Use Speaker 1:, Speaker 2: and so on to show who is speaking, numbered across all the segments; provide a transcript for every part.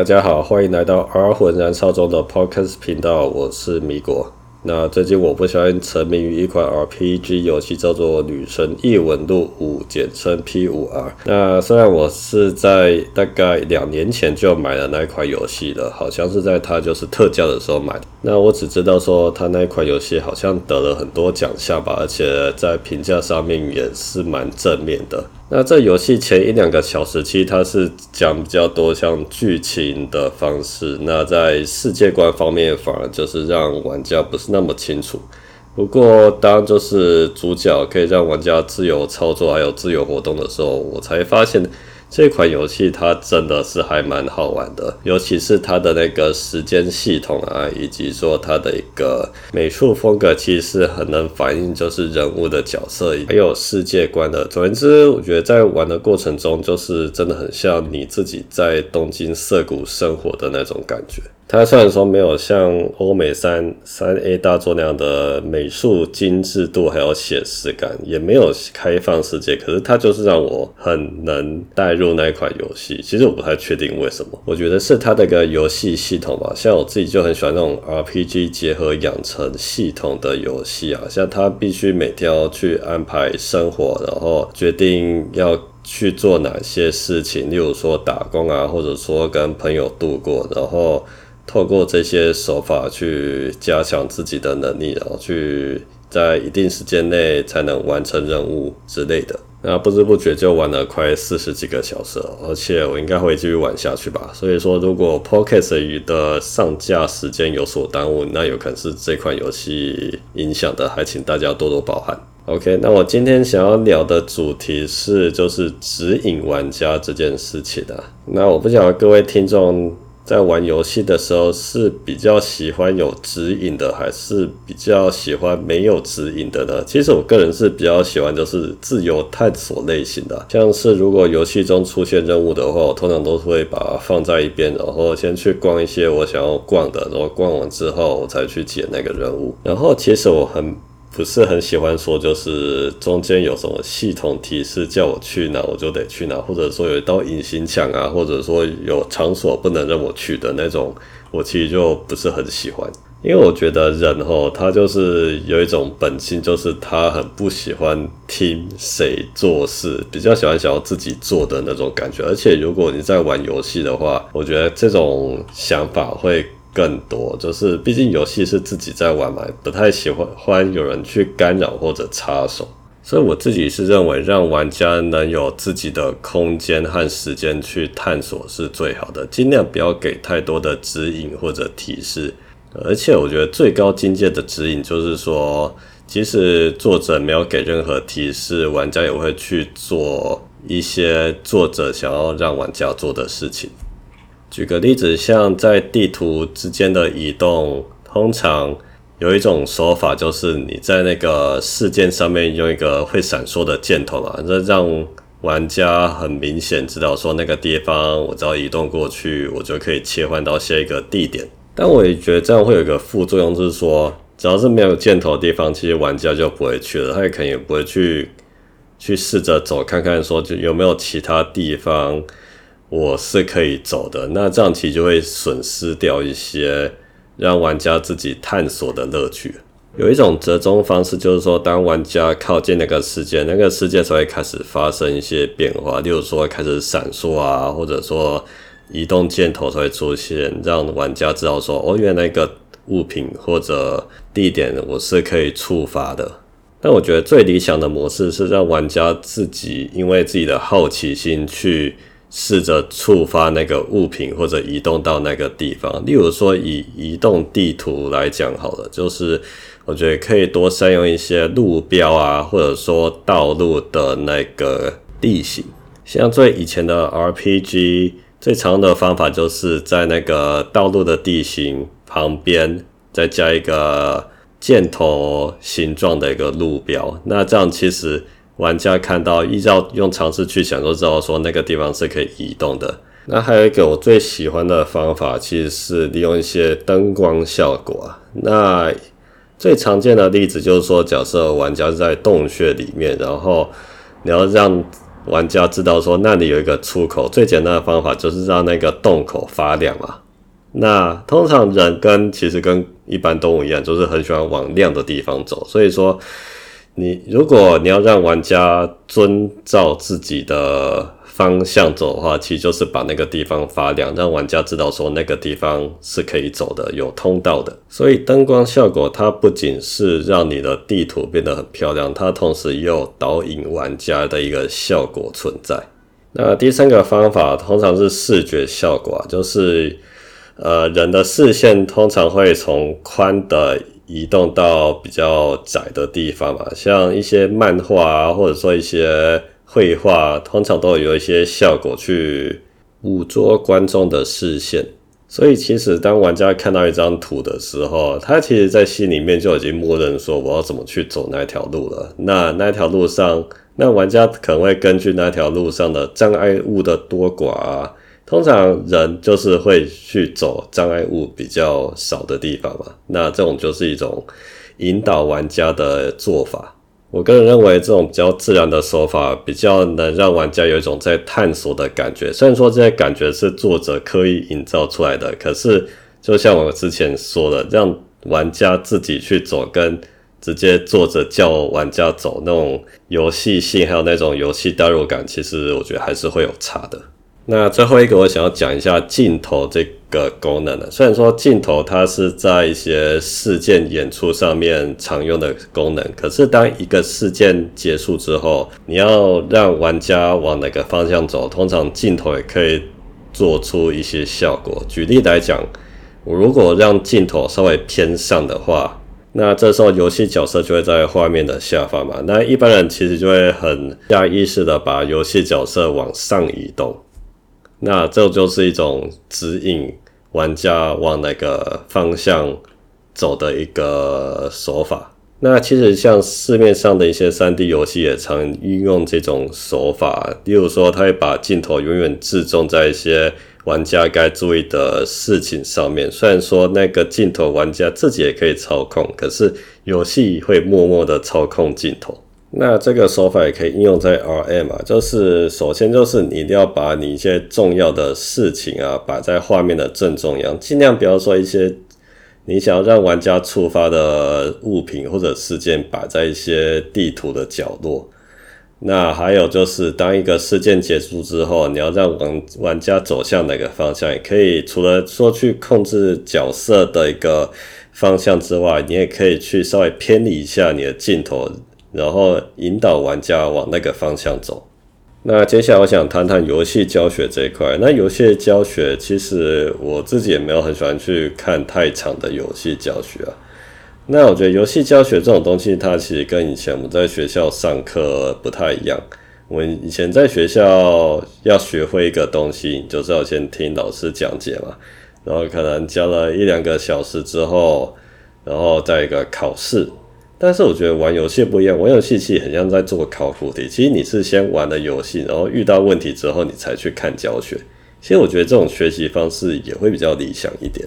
Speaker 1: 大家好，歡迎來到 R 魂燃燒中的 Podcast 頻道，我是米果。那最近我不小心沉迷於一款 RPG 遊戲，叫做《女神異聞錄五》，簡稱 P 五 R。那雖然我是在大概兩年前就買了那一款遊戲了，好像是在它就是特價的時候買的。那我只知道說，他那一款遊戲好像得了很多獎項吧，而且在評價上面也是蠻正面的。那這遊戲前一兩個小時其實，它是講比較多像劇情的方式，那在世界觀方面反而就是讓玩家不是那麼清楚。不過當就是主角可以讓玩家自由操作還有自由活動的時候，我才發現。這款遊戲它真的是還蠻好玩的，尤其是它的那個時間系統啊，以及說它的一個美術風格，其實是很能反映就是人物的角色，還有世界觀的。總之，我覺得在玩的過程中，就是真的很像你自己在東京澀谷生活的那種感覺。它雖然說沒有像歐美3、3A 大作那樣的美術精緻度還有寫實感，也沒有開放世界，可是它就是讓我很能帶入那一款遊戲。其實我不太確定為什麼，我覺得是它的一個遊戲系統吧。像我自己就很喜歡那種 RPG 結合養成系統的遊戲啊，像它必須每天要去安排生活，然後決定要去做哪些事情，例如說打工啊，或者說跟朋友度過，然後。透過這些手法去加強自己的能力，然後去在一定時間內才能完成任務之類的。那不知不覺就玩了快四十幾個小時了，而且我應該會繼續玩下去吧。所以說，如果 Podcast 語的上架時間有所耽誤，那有可能是這款遊戲影響的，還請大家多多包涵。OK，那我今天想要聊的主題是就是指引玩家這件事情啊。那我不曉得各位聽眾。在玩遊戲的時候，是比較喜歡有指引的，還是比較喜歡沒有指引的呢？其實我個人是比較喜歡就是自由探索類型的。像是如果遊戲中出現任務的話，我通常都會把它放在一邊，然後先去逛一些我想要逛的，然後逛完之後我才去解那個任務。然後其實我很，不是很喜歡說，就是中間有什麼系統提示叫我去哪我就得去哪，或者說有一道隱形牆啊，或者說有場所不能讓我去的那種，我其實就不是很喜歡。因為我覺得人吼他就是有一種本性，就是他很不喜歡聽誰做事，比較喜歡想要自己做的那種感覺。而且如果你在玩遊戲的話，我覺得這種想法會。更多就是，畢竟遊戲是自己在玩嘛，不太喜歡歡有人去干擾或者插手，所以我自己是認為，讓玩家能有自己的空間和時間去探索是最好的，盡量不要給太多的指引或者提示。而且我覺得最高境界的指引就是說，即使作者沒有給任何提示，玩家也會去做一些作者想要讓玩家做的事情。舉個例子，像在地圖之間的移動，通常有一種說法，就是你在那個事件上面用一個會閃爍的箭頭嘛，這讓玩家很明顯知道說那個地方，我只要移動過去，我就可以切換到下一個地點。但我也覺得這樣會有一個副作用，就是說只要是沒有箭頭的地方，其實玩家就不會去了，他也可能也不會去去試着走看看說就有沒有其他地方。我是可以走的，那這樣其實就會損失掉一些讓玩家自己探索的樂趣。有一種折中方式，就是說當玩家靠近那個事件，那個事件才會開始發生一些變化，例如說開始閃爍啊，或者說移動箭頭才會出現，讓玩家知道說哦，原來那個物品或者地點我是可以觸發的。但我覺得最理想的模式是讓玩家自己因為自己的好奇心去。試着觸發那個物品或者移動到那個地方。例如說，以移動地圖來講好了，就是我覺得可以多善用一些路標啊，或者說道路的那個地形。像最以前的 RPG，最常用的方法就是在那個道路的地形旁邊再加一個箭頭形狀的一個路標。那這樣其實。玩家看到，依照用嘗試去想都知道說那個地方是可以移動的。那還有一個我最喜歡的方法，其實是利用一些燈光效果。那最常見的例子就是說，假設玩家在洞穴裡面，然後你要讓玩家知道說那裡有一個出口，最簡單的方法就是讓那個洞口發亮嘛。那通常人跟其實跟一般動物一樣，就是很喜歡往亮的地方走，所以說。你，如果你要讓玩家遵照自己的方向走的話，其實就是把那個地方發亮，讓玩家知道說那個地方是可以走的，有通道的。所以燈光效果它不僅是讓你的地圖變得很漂亮，它同時也有導引玩家的一個效果存在。那第三個方法通常是視覺效果，就是呃人的視線通常會從寬的，移動到比較窄的地方嘛，像一些漫畫或者說一些繪畫，通常都有一些效果去捕捉觀眾的視線。所以，其實當玩家看到一張圖的時候，他其實在心裡面就已經默認說我要怎麼去走那條路了。那那條路上，那玩家可能會根據那條路上的障礙物的多寡。通常人就是會去走障礙物比較少的地方嘛，那這種就是一種引導玩家的做法。我個人認為這種比較自然的手法，比較能讓玩家有一種在探索的感覺。雖然說這些感覺是作者刻意營造出來的，可是就像我之前說的，讓玩家自己去走，跟直接作者叫玩家走，那種遊戲性還有那種遊戲代入感，其實我覺得還是會有差的。那最後一個，我想要講一下鏡頭這個功能了。雖然說鏡頭它是在一些事件演出上面常用的功能，可是當一個事件結束之後，你要讓玩家往哪個方向走，通常鏡頭也可以做出一些效果。舉例來講，我如果讓鏡頭稍微偏上的話，那這時候遊戲角色就會在畫面的下方嘛。那一般人其實就會很下意識的把遊戲角色往上移動。那這就是一種指引玩家往那個方向走的一個手法。那其實像市面上的一些三 D 遊戲也常運用這種手法，例如說它會把鏡頭永遠置中在一些玩家該注意的事情上面。雖然說那個鏡頭玩家自己也可以操控，可是遊戲會默默的操控鏡頭。那這個手法也可以應用在 RM 啊，就是首先就是你一定要把你一些重要的事情啊擺在畫面的正中央，盡量不要說一些你想要讓玩家觸發的物品或者事件擺在一些地圖的角落。那還有就是，當一個事件結束之後，你要讓玩玩家走向哪個方向，也可以除了說去控制角色的一個方向之外，你也可以去稍微偏離一下你的鏡頭。然後引導玩家往那個方向走。那接下來我想談談遊戲教學這一塊。那遊戲教學其實我自己也沒有很喜歡去看太長的遊戲教學啊。那我覺得遊戲教學這種東西，它其實跟以前我們在學校上課不太一樣。我們以前在學校要學會一個東西，你就是要先聽老師講解嘛，然後可能教了一兩個小時之後，然後再一個考試。但是我覺得玩遊戲不一樣，玩遊戲其實很像在做考古題，其實你是先玩了遊戲，然後遇到問題之後你才去看教學。其實我覺得這種學習方式也會比較理想一點，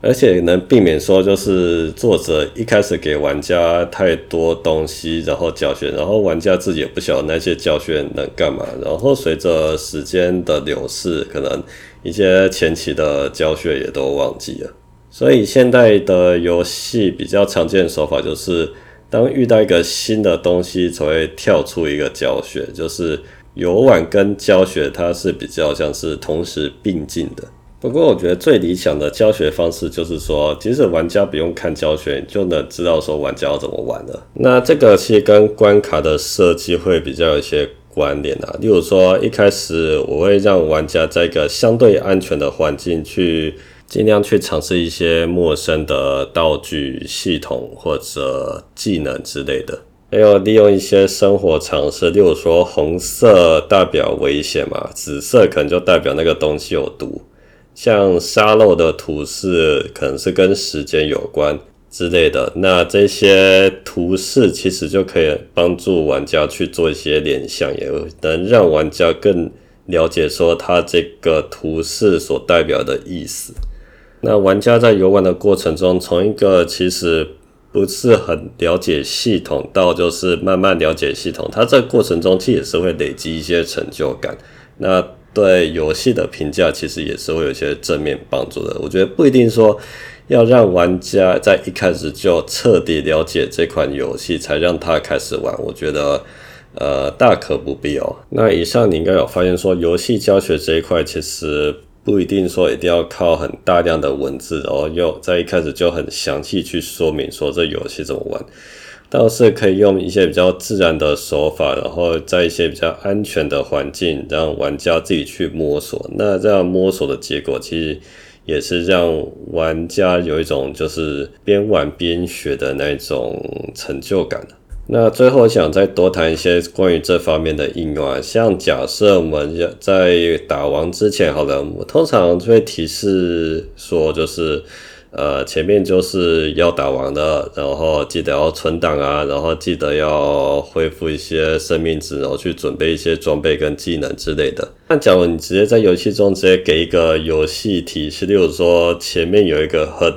Speaker 1: 而且能避免說就是作者一開始給玩家太多東西，然後教學，然後玩家自己也不曉得那些教學能幹嘛，然後隨着時間的流逝，可能一些前期的教學也都忘記了。所以現在的遊戲比較常見的手法就是，當遇到一個新的東西，才會跳出一個教學。就是遊玩跟教學，它是比較像是同時並進的。不過我覺得最理想的教學方式就是說，其實玩家不用看教學就能知道說玩家要怎麼玩了。那這個其實跟關卡的設計會比較有一些關聯啊。例如說，一開始我會讓玩家在一個相對安全的環境去。盡量去嘗試一些陌生的道具、系統或者技能之類的，還有利用一些生活常識，例如說紅色代表危險嘛，紫色可能就代表那個東西有毒，像沙漏的圖示可能是跟時間有關之類的。那這些圖示其實就可以幫助玩家去做一些聯想，也能讓玩家更了解說他這個圖示所代表的意思。那玩家在遊玩的過程中，從一個其實不是很了解系統，到就是慢慢了解系統，他這個過程中其實也是會累積一些成就感。那對遊戲的評價其實也是會有一些正面幫助的。我覺得不一定說要讓玩家在一開始就徹底了解這款遊戲才讓他開始玩，我覺得呃大可不必哦。那以上你應該有發現說，說遊戲教學這一塊其實。不一定說一定要靠很大量的文字，然後又在一開始就很詳細去說明說這遊戲怎麼玩，倒是可以用一些比較自然的手法，然後在一些比較安全的環境讓玩家自己去摸索。那這樣摸索的結果，其實也是讓玩家有一種就是邊玩邊學的那種成就感。那最後我想再多談一些關於這方面的應用啊，像假設我們在打王之前，好了，我通常就會提示說，就是呃前面就是要打完的，然後記得要存檔啊，然後記得要恢復一些生命值，然後去準備一些裝備跟技能之類的。那假如你直接在遊戲中直接給一個遊戲提示，例如說前面有一個很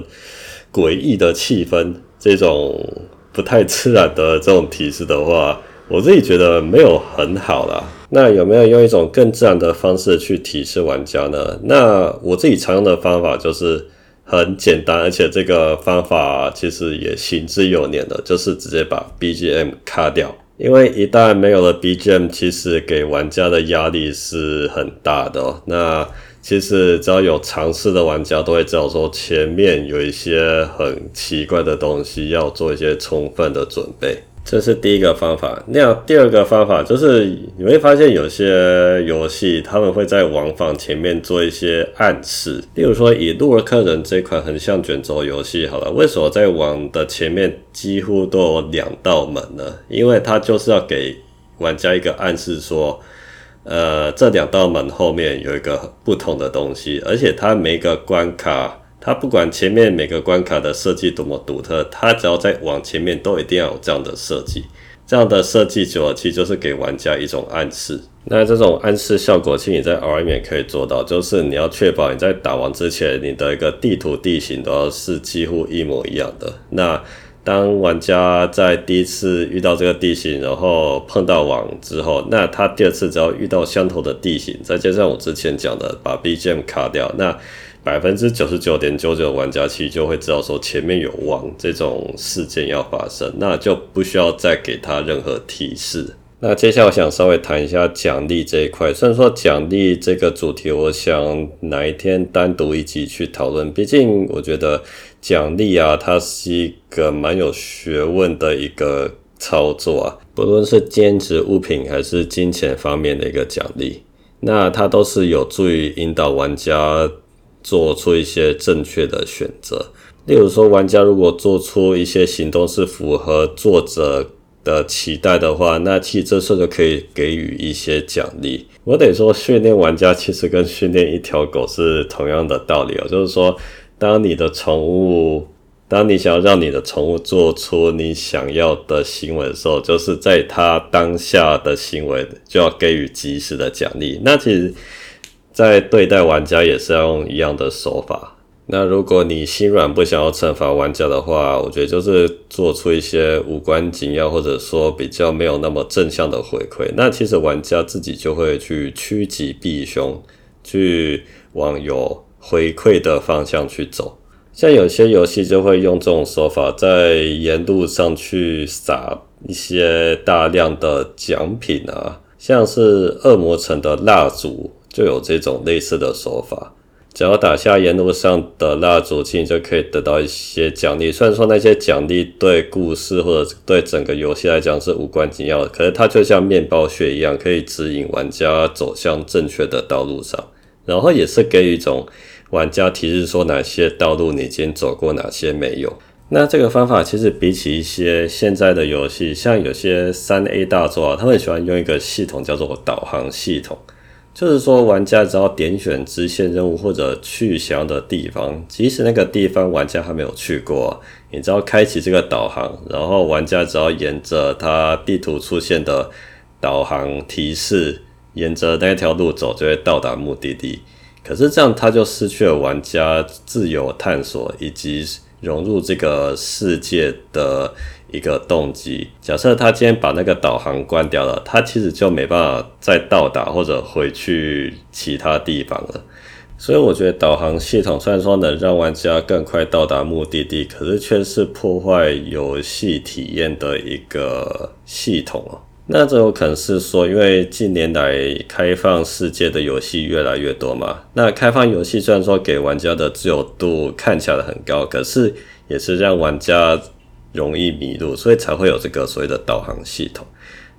Speaker 1: 詭異的氣氛這種。不太自然的這種提示的話，我自己覺得沒有很好啦，那有沒有用一種更自然的方式去提示玩家呢？那我自己常用的方法就是很簡單，而且這個方法其實也行之有年了，就是直接把 BGM 卡掉。因為一旦沒有了 BGM，其實給玩家的壓力是很大的哦。那其實只要有嘗試的玩家都會知道，說前面有一些很奇怪的東西，要做一些充分的準備。這是第一個方法。那第二個方法就是，你會發現有些遊戲，他們會在王房前面做一些暗示。例如說，以《洛克人》這款橫向卷軸遊戲，好了，為什麼在王的前面幾乎都有兩道門呢？因為它就是要給玩家一個暗示，說，呃，這兩道門後面有一個不同的東西，而且它每一個關卡。它不管前面每個關卡的設計多麼獨特，它只要在王前面都一定要有這樣的設計。這樣的設計主要其實就是給玩家一種暗示。那這種暗示效果其實你在 R M 也可以做到，就是你要確保你在打王之前，你的一個地圖地形都要是幾乎一模一樣的。那當玩家在第一次遇到這個地形，然後碰到王之後，那他第二次只要遇到相同的地形，再加上我之前講的把 BGM 卡掉，那百分之九十九點九九玩家其實就會知道說前面有王這種事件要發生，那就不需要再給他任何提示。那接下來我想稍微談一下獎勵這一塊。雖然說獎勵這個主題，我想哪一天單獨一集去討論。畢竟我覺得獎勵啊，它是一個蠻有學問的一個操作啊，不論是兼職物品還是金錢方面的一個獎勵，那它都是有助於引導玩家。做出一些正確的選擇，例如說，玩家如果做出一些行動是符合作者的期待的話，那其實這時候就可以給予一些獎勵。我得說，訓練玩家其實跟訓練一條狗是同樣的道理哦，就是說，當你的寵物，當你想要讓你的寵物做出你想要的行為的時候，就是在它當下的行為就要給予及時的獎勵。那其實。在對待玩家也是要用一樣的手法。那如果你心軟不想要懲罰玩家的話，我覺得就是做出一些無關緊要，或者說比較沒有那麼正向的回饋。那其實玩家自己就會去趨吉避凶，去往有回饋的方向去走。像有些遊戲就會用這種手法，在沿路上去撒一些大量的獎品啊，像是惡魔城的蠟燭。就有這種類似的手法，只要打下沿路上的蠟燭，其實你就可以得到一些獎勵。雖然說那些獎勵對故事或者對整個遊戲來講是無關緊要的，可是它就像麵包屑一樣，可以指引玩家走向正確的道路上，然後也是給予一種玩家提示，說哪些道路你已經走過，哪些沒有。那這個方法其實比起一些現在的遊戲，像有些三 A 大作，他們喜歡用一個系統叫做導航系統。就是說，玩家只要點選支線任務或者去想要的地方，即使那個地方玩家還沒有去過，你只要開啟這個導航，然後玩家只要沿着它地圖出現的導航提示，沿着那條路走，就會到達目的地。可是這樣，他就失去了玩家自由探索以及融入這個世界的。一個動機，假設他今天把那個導航關掉了，他其實就沒辦法再到達或者回去其他地方了。所以我覺得導航系統雖然說能讓玩家更快到達目的地，可是卻是破壞遊戲體驗的一個系統哦。那這有可能是說，因為近年來開放世界的遊戲越來越多嘛。那開放遊戲雖然說給玩家的自由度看起來很高，可是也是讓玩家。容易迷路，所以才會有這個所謂的導航系統。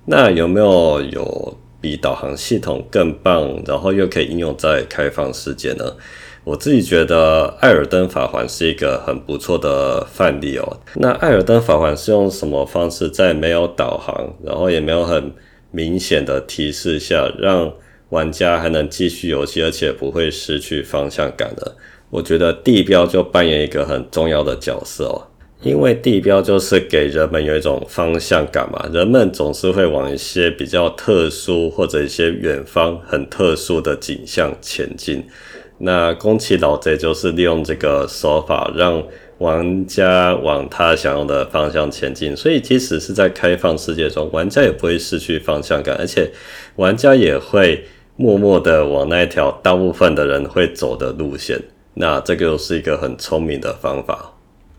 Speaker 1: 那有沒有有比導航系統更棒，然後又可以應用在開放世界呢？我自己覺得《艾爾登法環》是一個很不錯的範例哦。那《艾爾登法環》是用什麼方式，在沒有導航，然後也沒有很明顯的提示下，讓玩家還能繼續遊戲，而且不會失去方向感的？我覺得地標就扮演一個很重要的角色哦。因為地標就是給人們有一種方向感嘛，人們總是會往一些比較特殊或者一些遠方很特殊的景象前進。那宮崎老賊就是利用這個手法，讓玩家往他想要的方向前進。所以，即使是在開放世界中，玩家也不會失去方向感，而且玩家也會默默的往那條大部分的人會走的路線。那這個又是一個很聰明的方法。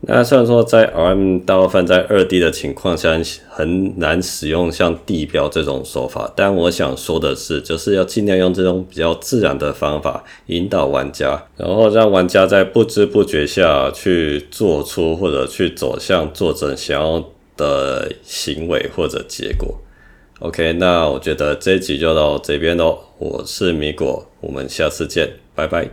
Speaker 1: 那雖然說在 RM 大部分在 2D 的情況下很難使用像地標這種手法，但我想說的是，就是要盡量用這種比較自然的方法引導玩家，然後讓玩家在不知不覺下去做出或者去走向作者想要的行為或者結果。OK，那我覺得這一集就到這邊嘍，我是米果，我們下次見，拜拜。